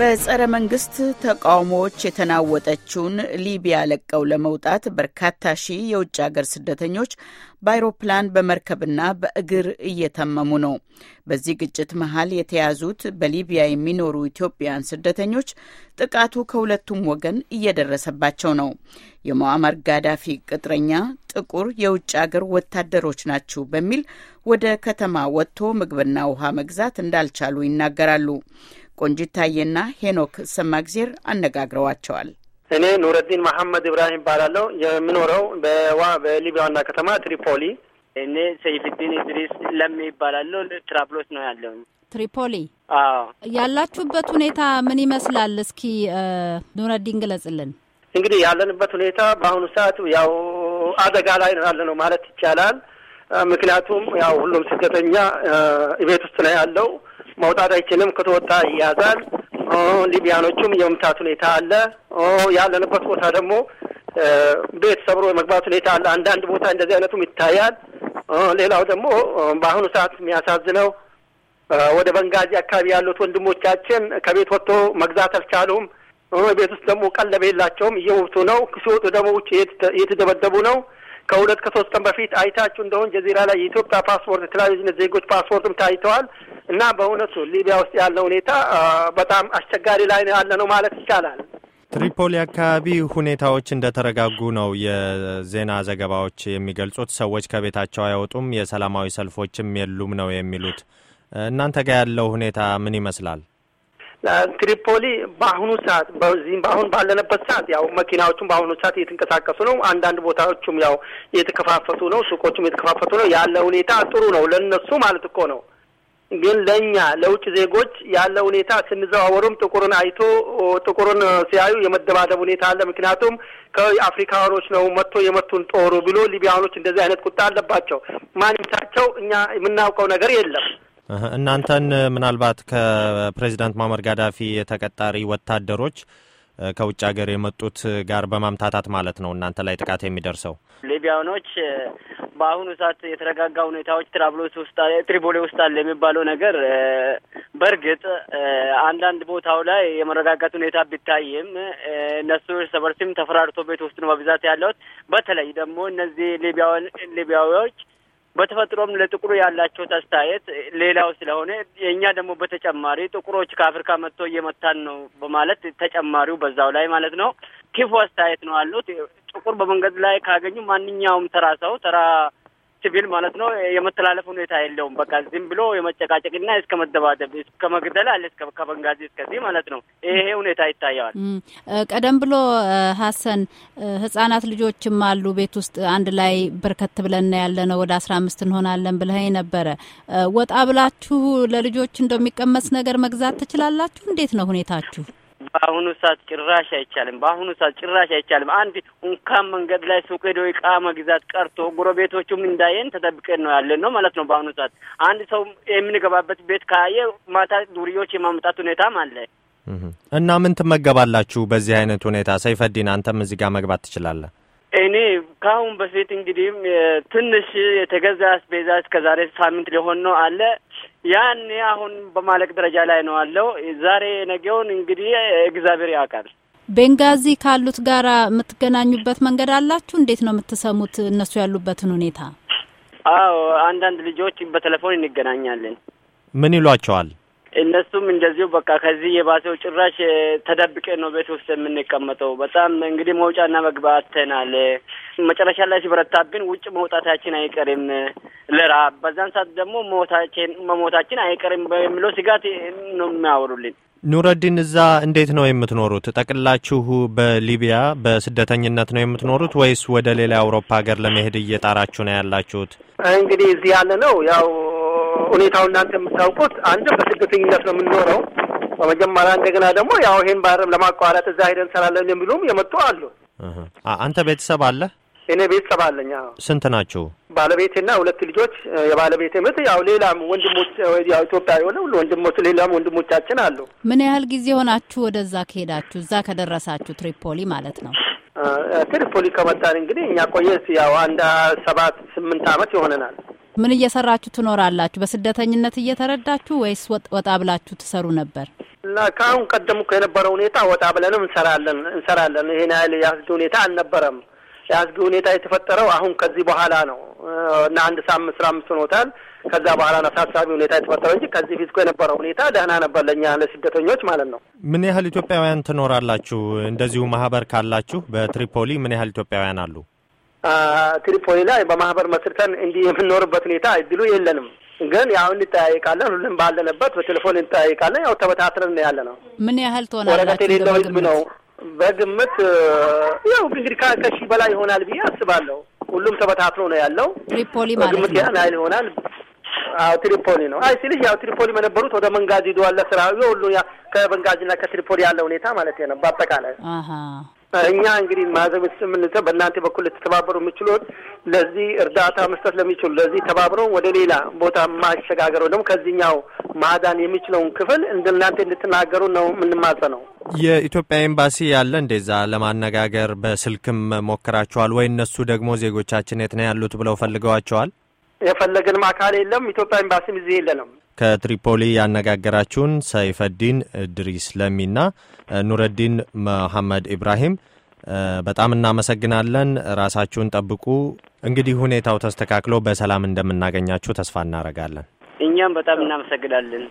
በጸረ መንግስት ተቃውሞዎች የተናወጠችውን ሊቢያ ለቀው ለመውጣት በርካታ ሺህ የውጭ ሀገር ስደተኞች በአይሮፕላን በመርከብና በእግር እየተመሙ ነው። በዚህ ግጭት መሀል የተያዙት በሊቢያ የሚኖሩ ኢትዮጵያውያን ስደተኞች ጥቃቱ ከሁለቱም ወገን እየደረሰባቸው ነው። የሞአመር ጋዳፊ ቅጥረኛ ጥቁር የውጭ አገር ወታደሮች ናችሁ በሚል ወደ ከተማ ወጥቶ ምግብና ውሃ መግዛት እንዳልቻሉ ይናገራሉ። ቆንጅታዬና ሄኖክ ሰማግዜር አነጋግረዋቸዋል። እኔ ኑረዲን መሐመድ ኢብራሂም እባላለሁ። የምኖረው በዋ በሊቢያ ዋና ከተማ ትሪፖሊ። እኔ ሰይፍዲን ኢድሪስ ለሚ ይባላለሁ። ትራፕሎስ ነው ያለው። ትሪፖሊ። ያላችሁበት ሁኔታ ምን ይመስላል? እስኪ ኑረዲን ግለጽልን። እንግዲህ ያለንበት ሁኔታ በአሁኑ ሰዓት ያው አደጋ ላይ ያለ ነው ማለት ይቻላል። ምክንያቱም ያው ሁሉም ስደተኛ ቤት ውስጥ ነው ያለው። መውጣት አይችልም። ከተወጣ ይያዛል። ሊቢያኖቹም የመምታት ሁኔታ አለ። ያለንበት ቦታ ደግሞ ቤት ሰብሮ የመግባት ሁኔታ አለ። አንዳንድ ቦታ እንደዚህ አይነቱም ይታያል። ሌላው ደግሞ በአሁኑ ሰዓት የሚያሳዝነው ወደ በንጋዚ አካባቢ ያሉት ወንድሞቻችን ከቤት ወጥቶ መግዛት አልቻሉም። ቤት ውስጥ ደግሞ ቀለብ የላቸውም፣ እየወጡ ነው። ሲወጡ ደግሞ ውጭ እየተደበደቡ ነው። ከሁለት ከሶስት ቀን በፊት አይታችሁ እንደሆን ጀዚራ ላይ የኢትዮጵያ ፓስፖርት የተለያዩ ዜጎች ፓስፖርትም ታይተዋል እና በእውነቱ ሊቢያ ውስጥ ያለ ሁኔታ በጣም አስቸጋሪ ላይ ያለ ነው ማለት ይቻላል። ትሪፖሊ አካባቢ ሁኔታዎች እንደተረጋጉ ነው የዜና ዘገባዎች የሚገልጹት። ሰዎች ከቤታቸው አይወጡም፣ የሰላማዊ ሰልፎችም የሉም ነው የሚሉት። እናንተ ጋር ያለው ሁኔታ ምን ይመስላል? ትሪፖሊ በአሁኑ ሰዓት በዚህም በአሁን ባለንበት ሰዓት ያው መኪናዎቹም በአሁኑ ሰዓት እየተንቀሳቀሱ ነው። አንዳንድ ቦታዎቹም ያው እየተከፋፈቱ ነው። ሱቆቹም እየተከፋፈቱ ነው። ያለ ሁኔታ ጥሩ ነው ለነሱ ማለት እኮ ነው። ግን ለእኛ ለውጭ ዜጎች ያለ ሁኔታ ስንዘዋወሩም ጥቁርን አይቶ ጥቁርን ሲያዩ የመደባደብ ሁኔታ አለ። ምክንያቱም ከአፍሪካኖች ነው መጥቶ የመቱን ጦሩ ብሎ ሊቢያኖች እንደዚህ አይነት ቁጣ አለባቸው። ማንቻቸው እኛ የምናውቀው ነገር የለም። እናንተን ምናልባት ከፕሬዚዳንት ማመር ጋዳፊ የተቀጣሪ ወታደሮች ከውጭ ሀገር የመጡት ጋር በማምታታት ማለት ነው እናንተ ላይ ጥቃት የሚደርሰው። ሊቢያኖች በአሁኑ ሰዓት የተረጋጋ ሁኔታዎች ትራብሎስ ውስጥ አለ፣ ትሪፖሊ ውስጥ አለ የሚባለው ነገር በእርግጥ አንዳንድ ቦታው ላይ የመረጋጋት ሁኔታ ቢታይም እነሱ እርስ በርስም ተፈራርቶ ቤት ውስጥ ነው በብዛት ያለውት። በተለይ ደግሞ እነዚህ ሊቢያዎች በተፈጥሮም ለጥቁሩ ያላቸው አስተያየት ሌላው ስለሆነ የእኛ ደግሞ በተጨማሪ ጥቁሮች ከአፍሪካ መጥቶ እየመታን ነው በማለት ተጨማሪው በዛው ላይ ማለት ነው ክፉ አስተያየት ነው አሉት። ጥቁር በመንገድ ላይ ካገኙ ማንኛውም ተራ ሰው ተራ ሲቪል ማለት ነው የመተላለፍ ሁኔታ የለውም። በቃ ዝም ብሎ የመጨቃጨቅና እስከ መደባደብ እስከ መግደል አለ ከበንጋዚ እስከዚህ ማለት ነው። ይሄ ሁኔታ ይታየዋል። ቀደም ብሎ ሀሰን ህጻናት ልጆችም አሉ ቤት ውስጥ አንድ ላይ በርከት ብለን ያለ ነው ወደ አስራ አምስት እንሆናለን ብለኸኝ ነበረ። ወጣ ብላችሁ ለልጆች እንደሚቀመስ ነገር መግዛት ትችላላችሁ? እንዴት ነው ሁኔታችሁ? በአሁኑ ሰዓት ጭራሽ አይቻልም። በአሁኑ ሰዓት ጭራሽ አይቻልም። አንድ እንኳን መንገድ ላይ ሱቅ ሄዶ እቃ መግዛት ቀርቶ ጎረቤቶቹም እንዳየን ተጠብቀን ነው ያለን ነው ማለት ነው። በአሁኑ ሰዓት አንድ ሰው የምንገባበት ቤት ካየ ማታ ዱርዮች የማምጣት ሁኔታም አለ እና ምን ትመገባላችሁ? በዚህ አይነት ሁኔታ ሰይፈዲን፣ አንተም እዚህ ጋር መግባት ትችላለህ። እኔ ከአሁን በፊት እንግዲህ ትንሽ የተገዛ አስቤዛ እስከ ዛሬ ሳምንት ሊሆን ነው አለ ያኔ አሁን በማለቅ ደረጃ ላይ ነው አለው። ዛሬ ነገውን እንግዲህ እግዚአብሔር ያውቃል። ቤንጋዚ ካሉት ጋር የምትገናኙበት መንገድ አላችሁ? እንዴት ነው የምትሰሙት እነሱ ያሉበትን ሁኔታ? አዎ አንዳንድ ልጆች በቴሌፎን እንገናኛለን። ምን ይሏቸዋል? እነሱም እንደዚሁ በቃ ከዚህ የባሰው ጭራሽ ተደብቀ ነው ቤት ውስጥ የምንቀመጠው። በጣም እንግዲህ መውጫና መግባት መጨረሻ ላይ ሲበረታብን ውጭ መውጣታችን አይቀርም ለራብ፣ በዛን ሰዓት ደግሞ መሞታችን አይቀርም በሚለው ስጋት ነው የሚያወሩልን። ኑረዲን፣ እዛ እንዴት ነው የምትኖሩት? ጠቅላችሁ በሊቢያ በስደተኝነት ነው የምትኖሩት ወይስ ወደ ሌላ የአውሮፓ ሀገር ለመሄድ እየጣራችሁ ነው ያላችሁት? እንግዲህ እዚህ ያለ ነው ያው ሁኔታው እናንተ የምታውቁት አንድም በስደተኝነት ነው የምንኖረው። በመጀመሪያ እንደገና ደግሞ ያው ይሄን ባህር ለማቋረጥ እዛ ሄደን እንሰራለን የሚሉም የመጡ አሉ። አንተ ቤተሰብ አለ? እኔ ቤተሰብ አለኝ። ስንት ናችሁ? ባለቤቴና ሁለት ልጆች። የባለቤቴ ምት ያው ሌላም ወንድሞች ያው ኢትዮጵያ የሆነ ሁሉ ወንድሞች ሌላም ወንድሞቻችን አሉ። ምን ያህል ጊዜ ሆናችሁ ወደዛ ከሄዳችሁ እዛ ከደረሳችሁ ትሪፖሊ ማለት ነው? ትሪፖሊ ከመጣን እንግዲህ እኛ ቆየት ያው አንድ ሰባት ስምንት አመት ይሆነናል። ምን እየሰራችሁ ትኖራላችሁ? በስደተኝነት እየተረዳችሁ ወይስ ወጣ ብላችሁ ትሰሩ ነበር? ከአሁን ቀደሙ የነበረው ሁኔታ ወጣ ብለንም እንሰራለን እንሰራለን። ይሄን ያህል የህዝብ ሁኔታ አልነበረም። የህዝብ ሁኔታ የተፈጠረው አሁን ከዚህ በኋላ ነው እና አንድ ሳምንት ስራ አምስት ሆኖታል። ከዛ በኋላ ነው አሳሳቢ ሁኔታ የተፈጠረው እንጂ ከዚህ ፊት የነበረው ሁኔታ ደህና ነበር፣ ለእኛ ለስደተኞች ማለት ነው። ምን ያህል ኢትዮጵያውያን ትኖራላችሁ? እንደዚሁ ማህበር ካላችሁ በትሪፖሊ ምን ያህል ኢትዮጵያውያን አሉ? ትሪፖሊ ላይ በማህበር መስርተን እንዲህ የምንኖርበት ሁኔታ እድሉ የለንም። ግን ያው እንጠያይቃለን። ሁሉም ባለንበት በቴሌፎን እንጠያይቃለን። ያው ተበታትረን ነው ያለ ነው። ምን ያህል ትሆናላችሁ ህዝብ ነው በግምት ያው እንግዲህ ከሺ በላይ ይሆናል ብዬ አስባለሁ። ሁሉም ተበታትሮ ነው ያለው። ትሪፖሊ ማለት ነው። ያን ያህል ይሆናል። አዎ ትሪፖሊ ነው። አይ ሲልሽ ያው ትሪፖሊ መነበሩት ወደ መንጋዚ ሄዶ አለ ስራ ሁሉ ከበንጋዚና ከትሪፖሊ ያለ ሁኔታ ማለት ነው በአጠቃላይ እኛ እንግዲህ ማዘብ የምንሰ በእናንተ በኩል ልትተባበሩ የምችሉት ለዚህ እርዳታ መስጠት ለሚችሉ ለዚህ ተባብሮ ወደ ሌላ ቦታ ማሸጋገር ደግሞ ከዚህኛው ማዳን የሚችለውን ክፍል እንደናንተ እንድትናገሩ ነው ነው። የኢትዮጵያ ኤምባሲ ያለ እንደዛ ለማነጋገር በስልክም ሞክራችኋል ወይ? እነሱ ደግሞ ዜጎቻችን የት ነው ያሉት ብለው ፈልገዋቸዋል? የፈለግንም አካል የለም። ኢትዮጵያ ኤምባሲም እዚህ የለንም። ከትሪፖሊ ያነጋገራችሁን ሰይፈዲን ድሪስ ለሚና ኑረዲን መሐመድ ኢብራሂም በጣም እናመሰግናለን። ራሳችሁን ጠብቁ። እንግዲህ ሁኔታው ተስተካክሎ በሰላም እንደምናገኛችሁ ተስፋ እናደርጋለን። እኛም በጣም እናመሰግናለን።